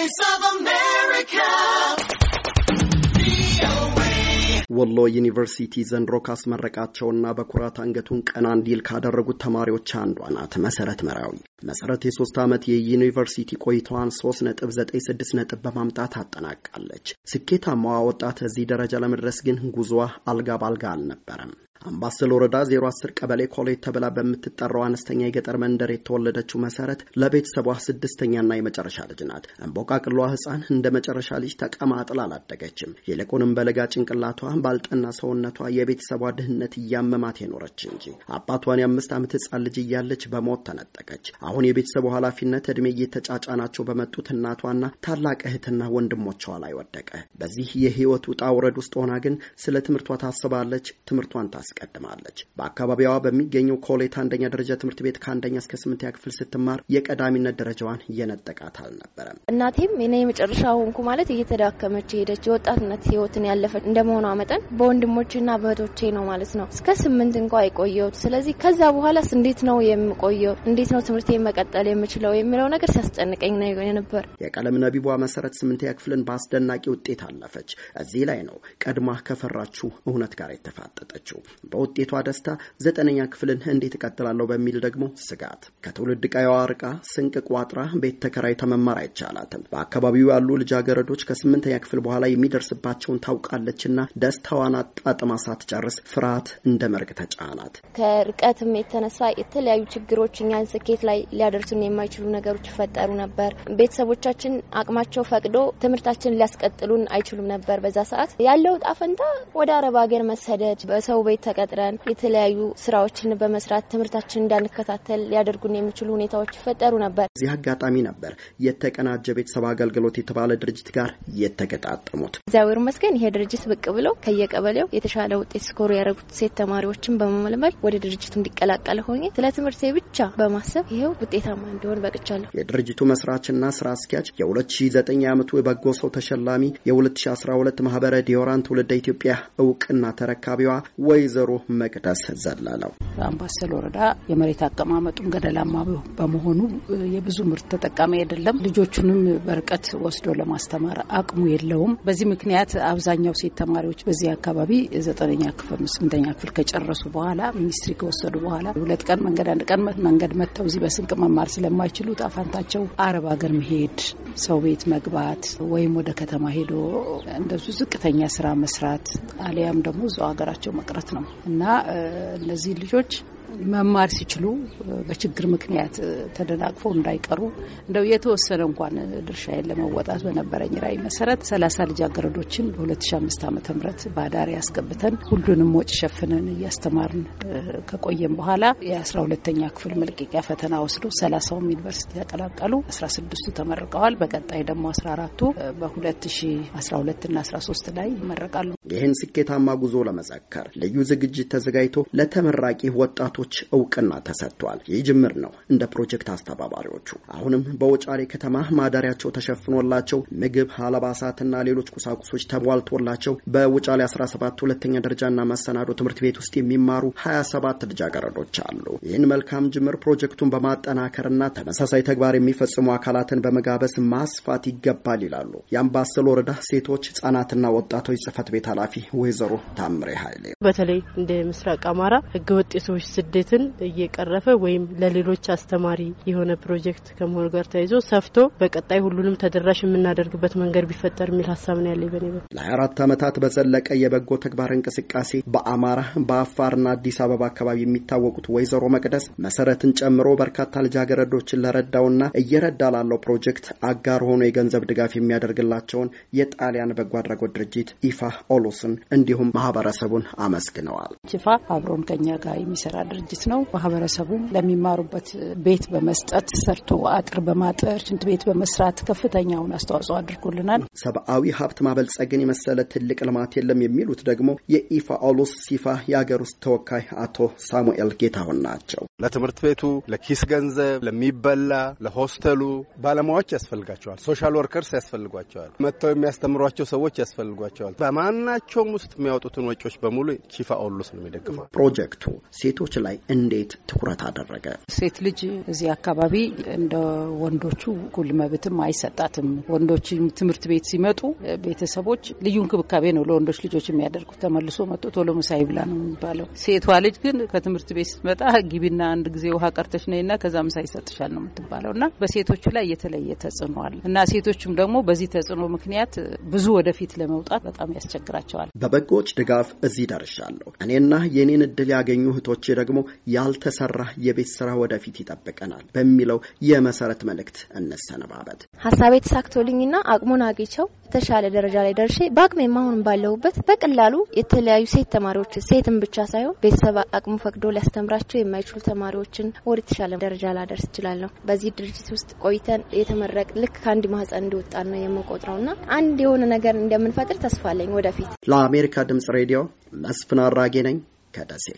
Voice of America. ወሎ ዩኒቨርሲቲ ዘንድሮ ካስመረቃቸውና በኩራት አንገቱን ቀና እንዲል ካደረጉት ተማሪዎች አንዷ ናት መሰረት መራዊ። መሰረት የሶስት ዓመት የዩኒቨርሲቲ ቆይታዋን ሶስት ነጥብ ዘጠኝ ስድስት ነጥብ በማምጣት አጠናቃለች። ስኬታማዋ ወጣት እዚህ ደረጃ ለመድረስ ግን ጉዞዋ አልጋ ባልጋ አልነበረም። አምባሰል ወረዳ 010 ቀበሌ ኮሌጅ ተብላ በምትጠራው አነስተኛ የገጠር መንደር የተወለደችው መሰረት ለቤተሰቧ ስድስተኛና የመጨረሻ ልጅ ናት። እንቦቃቅሏ ህፃን እንደ መጨረሻ ልጅ ተቀማጥላ አላደገችም። ይልቁንም በለጋ ጭንቅላቷ ባልጠና ሰውነቷ የቤተሰቧ ድህነት እያመማት የኖረች እንጂ አባቷን የአምስት ዓመት ህፃን ልጅ እያለች በሞት ተነጠቀች። አሁን የቤተሰቡ ኃላፊነት ዕድሜ እየተጫጫናቸው በመጡት እናቷና ታላቅ እህትና ወንድሞቿ ላይ ወደቀ። በዚህ የህይወት ውጣ ውረድ ውስጥ ሆና ግን ስለ ትምህርቷ ታስባለች። ትምህርቷን ታስ አስቀድማለች። በአካባቢዋ በሚገኘው ኮሌታ አንደኛ ደረጃ ትምህርት ቤት ከአንደኛ እስከ ስምንተኛ ክፍል ስትማር የቀዳሚነት ደረጃዋን እየነጠቃት አልነበረም። እናቴም እኔ የመጨረሻ ሆንኩ ማለት እየተዳከመች ሄደች። የወጣትነት ህይወትን ያለፈች እንደመሆኗ መጠን በወንድሞችና በእህቶቼ ነው ማለት ነው እስከ ስምንት እንኳ የቆየሁት። ስለዚህ ከዛ በኋላስ እንዴት ነው የምቆየው? እንዴት ነው ትምህርት መቀጠል የምችለው የሚለው ነገር ሲያስጨንቀኝ ነው ነበር። የቀለም ነቢቧ መሰረት ስምንተኛ ክፍልን በአስደናቂ ውጤት አለፈች። እዚህ ላይ ነው ቀድማ ከፈራችሁ እውነት ጋር የተፋጠጠችው። በውጤቷ ደስታ ዘጠነኛ ክፍልን እንዴት እቀጥላለሁ በሚል ደግሞ ስጋት ከትውልድ ቀየዋ ርቃ ስንቅ ቋጥራ ቤት ተከራይታ መማር አይቻላትም። በአካባቢው ያሉ ልጃገረዶች ከስምንተኛ ክፍል በኋላ የሚደርስባቸውን ታውቃለችና ደስታዋን አጣጥማ ሳትጨርስ ፍርሃት እንደ መርግ ተጫናት። ከርቀትም የተነሳ የተለያዩ ችግሮች እኛን ስኬት ላይ ሊያደርሱን የማይችሉ ነገሮች ይፈጠሩ ነበር። ቤተሰቦቻችን አቅማቸው ፈቅዶ ትምህርታችን ሊያስቀጥሉን አይችሉም ነበር። በዛ ሰዓት ያለው ጣፈንታ ወደ አረብ ሀገር መሰደድ፣ በሰው ቤት ተቀጥረን የተለያዩ ስራዎችን በመስራት ትምህርታችን እንዳንከታተል ሊያደርጉን የሚችሉ ሁኔታዎች ይፈጠሩ ነበር። እዚህ አጋጣሚ ነበር የተቀናጀ ቤተሰብ አገልግሎት የተባለ ድርጅት ጋር የተገጣጠሙት። እግዚአብሔር ይመስገን ይሄ ድርጅት ብቅ ብለው ከየቀበሌው የተሻለ ውጤት ስኮሩ ያደረጉት ሴት ተማሪዎችን በመመልመል ወደ ድርጅቱ እንዲቀላቀል ሆኜ ስለ ትምህርቴ ብቻ በማሰብ ይሄው ውጤታማ እንዲሆን በቅቻለሁ። የድርጅቱ መስራችና ስራ አስኪያጅ የ2009 ዓመቱ የበጎ ሰው ተሸላሚ የ2012 ማህበረ ዲዮራን ትውልደ ኢትዮጵያ እውቅና ተረካቢዋ ወይ ወይዘሮ መቅደስ ዘላለው አምባሰል ወረዳ የመሬት አቀማመጡን ገደላማ በመሆኑ የብዙ ምርት ተጠቃሚ አይደለም። ልጆቹንም በርቀት ወስዶ ለማስተማር አቅሙ የለውም። በዚህ ምክንያት አብዛኛው ሴት ተማሪዎች በዚህ አካባቢ ዘጠነኛ ክፍል ስምንተኛ ክፍል ከጨረሱ በኋላ ሚኒስትሪ ከወሰዱ በኋላ ሁለት ቀን መንገድ አንድ ቀን መንገድ መጥተው እዚህ በስንቅ መማር ስለማይችሉ ጣፋንታቸው አረብ ሀገር መሄድ፣ ሰው ቤት መግባት ወይም ወደ ከተማ ሄዶ እንደሱ ዝቅተኛ ስራ መስራት አሊያም ደግሞ እዛው ሀገራቸው መቅረት ነው። ነው እና እነዚህ ልጆች መማር ሲችሉ በችግር ምክንያት ተደናቅፎ እንዳይቀሩ እንደው የተወሰነ እንኳን ድርሻዬን ለመወጣት በነበረኝ ራዕይ መሰረት ሰላሳ ልጃገረዶችን በ2005 ዓ ም በአዳሪ አስገብተን ሁሉንም ወጪ ሸፍነን እያስተማርን ከቆየን በኋላ የ12ተኛ ክፍል መልቀቂያ ፈተና ወስዶ ሰላሳውም ዩኒቨርሲቲ ተቀላቀሉ። 16ቱ ተመርቀዋል። በቀጣይ ደግሞ 14ቱ በ2012 እና 13 ላይ ይመረቃሉ። ይህን ስኬታማ ጉዞ ለመዘከር ልዩ ዝግጅት ተዘጋጅቶ ለተመራቂ ወጣቱ ፕሮጀክቶች እውቅና ተሰጥቷል። ይህ ጅምር ነው። እንደ ፕሮጀክት አስተባባሪዎቹ አሁንም በወጫሌ ከተማ ማደሪያቸው ተሸፍኖላቸው ምግብ፣ አልባሳትና ሌሎች ቁሳቁሶች ተሟልቶላቸው በውጫሌ 17 ሁለተኛ ደረጃና መሰናዶ ትምህርት ቤት ውስጥ የሚማሩ 27 ልጃገረዶች አሉ። ይህን መልካም ጅምር ፕሮጀክቱን በማጠናከርና ተመሳሳይ ተግባር የሚፈጽሙ አካላትን በመጋበስ ማስፋት ይገባል ይላሉ የአምባሰል ወረዳ ሴቶች ህጻናትና ወጣቶች ጽህፈት ቤት ኃላፊ ወይዘሮ ታምሬ ኃይሌ። በተለይ እንደ ምስራቅ አማራ ህገወጥ የሰዎች ስደትን እየቀረፈ ወይም ለሌሎች አስተማሪ የሆነ ፕሮጀክት ከመሆኑ ጋር ተያይዞ ሰፍቶ በቀጣይ ሁሉንም ተደራሽ የምናደርግበት መንገድ ቢፈጠር የሚል ሀሳብ ነው ያለኝ። በኔ በኩል ለሀያ ዓመታት በዘለቀ የበጎ ተግባር እንቅስቃሴ በአማራ በአፋርና አዲስ አበባ አካባቢ የሚታወቁት ወይዘሮ መቅደስ መሰረትን ጨምሮ በርካታ ልጃገረዶችን ለረዳውና እየረዳ ላለው ፕሮጀክት አጋር ሆኖ የገንዘብ ድጋፍ የሚያደርግላቸውን የጣሊያን በጎ አድራጎት ድርጅት ኢፋ ኦሎስን እንዲሁም ማህበረሰቡን አመስግነዋል። ፋ አብሮን ከኛ ጋር የሚሰራ ድርጅት ድርጅት ነው። ማህበረሰቡ ለሚማሩበት ቤት በመስጠት ሰርቶ አጥር በማጠር ሽንት ቤት በመስራት ከፍተኛውን አስተዋጽኦ አድርጎልናል። ሰብአዊ ሀብት ማበልጸግን የመሰለ ትልቅ ልማት የለም የሚሉት ደግሞ የኢፋኦሎስ ሲፋ የአገር ውስጥ ተወካይ አቶ ሳሙኤል ጌታሁን ናቸው። ለትምህርት ቤቱ፣ ለኪስ ገንዘብ፣ ለሚበላ፣ ለሆስተሉ ባለሙያዎች ያስፈልጋቸዋል። ሶሻል ወርከርስ ያስፈልጓቸዋል። መጥተው የሚያስተምሯቸው ሰዎች ያስፈልጓቸዋል። በማናቸውም ውስጥ የሚያወጡትን ወጪዎች በሙሉ ቺፋ ኦሉስ ነው የሚደግፈው። ፕሮጀክቱ ሴቶች ላይ እንዴት ትኩረት አደረገ? ሴት ልጅ እዚህ አካባቢ እንደ ወንዶቹ እኩል መብትም አይሰጣትም። ወንዶች ትምህርት ቤት ሲመጡ ቤተሰቦች ልዩ እንክብካቤ ነው ለወንዶች ልጆች የሚያደርጉት። ተመልሶ መጥቶ ቶሎ ምሳ ይብላ ነው የሚባለው። ሴቷ ልጅ ግን ከትምህርት ቤት ስትመጣ ግቢና አንድ ጊዜ ውሃ ቀርተች ና ከዛ ምሳ ይሰጥሻል ነው የምትባለው። እና በሴቶቹ ላይ የተለየ ተጽዕኖ አለ እና ሴቶቹም ደግሞ በዚህ ተጽዕኖ ምክንያት ብዙ ወደፊት ለመውጣት በጣም ያስቸግራቸዋል። በበጎዎች ድጋፍ እዚህ ደርሻለሁ። እኔና የኔን እድል ያገኙ እህቶቼ ደግሞ ያልተሰራ የቤት ስራ ወደፊት ይጠብቀናል በሚለው የመሰረት መልእክት እንሰነባበት። ሀሳቤ ና አቅሙን አግኝቸው የተሻለ ደረጃ ላይ ደርሼ በአቅሜ ማሁን ባለሁበት በቀላሉ የተለያዩ ሴት ተማሪዎች ሴትን ብቻ ሳይሆን ቤተሰብ አቅሙ ፈቅዶ ሊያስተምራቸው የማይችሉ ተማሪዎችን ወደ ተሻለ ደረጃ ላደርስ እችላለሁ። በዚህ ድርጅት ውስጥ ቆይተን የተመረቅ ልክ ከአንድ ማህፀን እንደወጣን ነው የምቆጥረው እና አንድ የሆነ ነገር እንደምንፈጥር ተስፋ አለኝ ወደፊት። ለአሜሪካ ድምጽ ሬዲዮ መስፍን አራጌ ነኝ ከደሴ